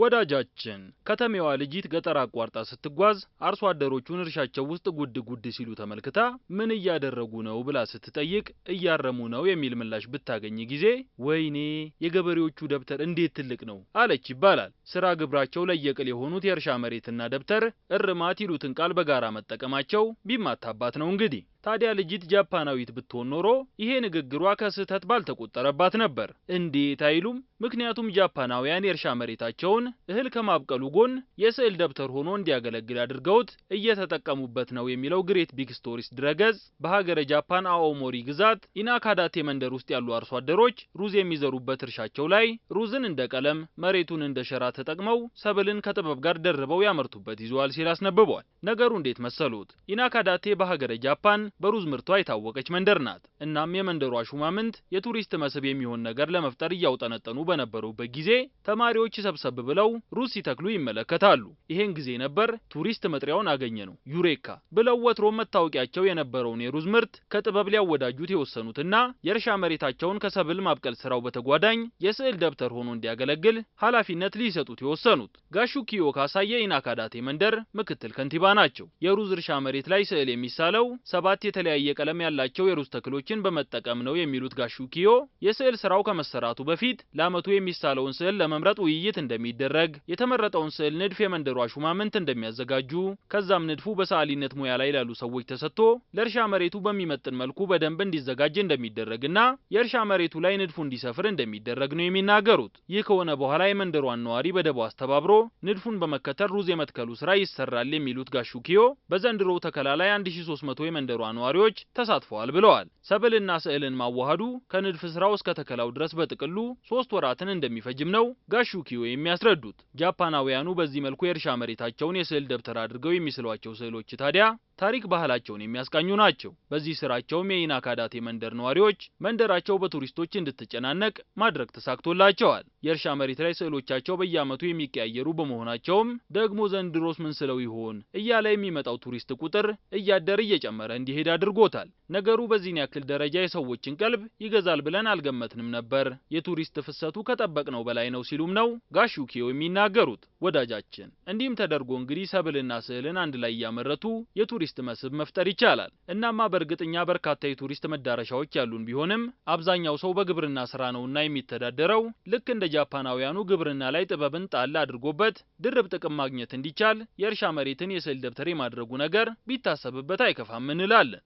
ወዳጃችን ከተሜዋ ልጅት ገጠር አቋርጣ ስትጓዝ አርሶ አደሮቹን እርሻቸው ውስጥ ጉድ ጉድ ሲሉ ተመልክታ ምን እያደረጉ ነው ብላ ስትጠይቅ እያረሙ ነው የሚል ምላሽ ብታገኝ ጊዜ ወይኔ የገበሬዎቹ ደብተር እንዴት ትልቅ ነው አለች ይባላል። ስራ ግብራቸው ለየቅል የሆኑት የእርሻ መሬትና ደብተር እርማት ይሉትን ቃል በጋራ መጠቀማቸው ቢማታባት ነው እንግዲህ ታዲያ ልጅት ጃፓናዊት ብትሆን ኖሮ ይሄ ንግግሯ ከስህተት ባልተቆጠረባት ነበር። እንዴት አይሉም። ምክንያቱም ጃፓናውያን የእርሻ መሬታቸውን እህል ከማብቀሉ ጎን የስዕል ደብተር ሆኖ እንዲያገለግል አድርገውት እየተጠቀሙበት ነው የሚለው ግሬት ቢግ ስቶሪስ ድረገጽ በሀገረ ጃፓን አኦሞሪ ግዛት ኢናካዳቴ መንደር ውስጥ ያሉ አርሶ አደሮች ሩዝ የሚዘሩበት እርሻቸው ላይ ሩዝን እንደ ቀለም፣ መሬቱን እንደ ሸራ ተጠቅመው ሰብልን ከጥበብ ጋር ደርበው ያመርቱበት ይዘዋል ሲል አስነብቧል። ነገሩ እንዴት መሰሉት? ኢናካዳቴ በሀገረ ጃፓን በሩዝ ምርቷ የታወቀች መንደር ናት። እናም የመንደሯ ሹማምንት የቱሪስት መስህብ የሚሆን ነገር ለመፍጠር እያውጠነጠኑ በነበሩበት ጊዜ ተማሪዎች ሰብሰብ ብለው ሩዝ ሲተክሉ ይመለከታሉ። ይሄን ጊዜ ነበር ቱሪስት መጥሪያውን አገኘ ነው ዩሬካ ብለው ወትሮ መታወቂያቸው የነበረውን የሩዝ ምርት ከጥበብ ሊያወዳጁት የወሰኑትና የእርሻ መሬታቸውን ከሰብል ማብቀል ስራው በተጓዳኝ የስዕል ደብተር ሆኖ እንዲያገለግል ኃላፊነት ሊሰጡት የወሰኑት ጋሹ ኪዮ ካሳየ ኢናካዳቴ መንደር ምክትል ከንቲባ ናቸው። የሩዝ እርሻ መሬት ላይ ስዕል የሚሳለው ሰባት አራት የተለያየ ቀለም ያላቸው የሩዝ ተክሎችን በመጠቀም ነው የሚሉት ጋሹ ኪዮ የስዕል ስራው ከመሰራቱ በፊት ለአመቱ የሚሳለውን ስዕል ለመምረጥ ውይይት እንደሚደረግ፣ የተመረጠውን ስዕል ንድፍ የመንደሩ አሹማምንት እንደሚያዘጋጁ፣ ከዛም ንድፉ በሰዓሊነት ሙያ ላይ ላሉ ሰዎች ተሰጥቶ ለእርሻ መሬቱ በሚመጥን መልኩ በደንብ እንዲዘጋጅ እንደሚደረግና የእርሻ መሬቱ ላይ ንድፉ እንዲሰፍር እንደሚደረግ ነው የሚናገሩት። ይህ ከሆነ በኋላ የመንደሯን ነዋሪ በደቦ አስተባብሮ ንድፉን በመከተል ሩዝ የመትከሉ ስራ ይሰራል የሚሉት ጋሹ ኪዮ በዘንድሮው ተከላ ላይ 1300 የመንደሯ ነዋሪዎች ተሳትፈዋል ብለዋል። ሰብልና ስዕልን ማዋሃዱ ከንድፍ ስራው እስከ ተከላው ድረስ በጥቅሉ ሶስት ወራትን እንደሚፈጅም ነው ጋሹ ኪዮ የሚያስረዱት። ጃፓናውያኑ በዚህ መልኩ የእርሻ መሬታቸውን የስዕል ደብተር አድርገው የሚስሏቸው ስዕሎች ታዲያ ታሪክ ባህላቸውን የሚያስቃኙ ናቸው። በዚህ ስራቸውም የኢናካዳቴ መንደር ነዋሪዎች መንደራቸው በቱሪስቶች እንድትጨናነቅ ማድረግ ተሳክቶላቸዋል። የእርሻ መሬት ላይ ስዕሎቻቸው በየዓመቱ የሚቀያየሩ በመሆናቸውም ደግሞ ዘንድሮስ ምን ስለው ይሆን እያለ የሚመጣው ቱሪስት ቁጥር እያደር እየጨመረ እንዲሄድ አድርጎታል። ነገሩ በዚህን ያክል ደረጃ የሰዎችን ቀልብ ይገዛል ብለን አልገመትንም ነበር። የቱሪስት ፍሰቱ ከጠበቅነው በላይ ነው ሲሉም ነው ጋሹኬው የሚናገሩት ወዳጃችን። እንዲህም ተደርጎ እንግዲህ ሰብልና ስዕልን አንድ ላይ እያመረቱ የቱሪስት የቱሪስት መስህብ መፍጠር ይቻላል። እናማ በእርግጠኛ በርካታ የቱሪስት መዳረሻዎች ያሉን ቢሆንም አብዛኛው ሰው በግብርና ስራ ነውና የሚተዳደረው ልክ እንደ ጃፓናውያኑ ግብርና ላይ ጥበብን ጣል አድርጎበት ድርብ ጥቅም ማግኘት እንዲቻል የእርሻ መሬትን የስዕል ደብተር የማድረጉ ነገር ቢታሰብበት አይከፋም እንላለን።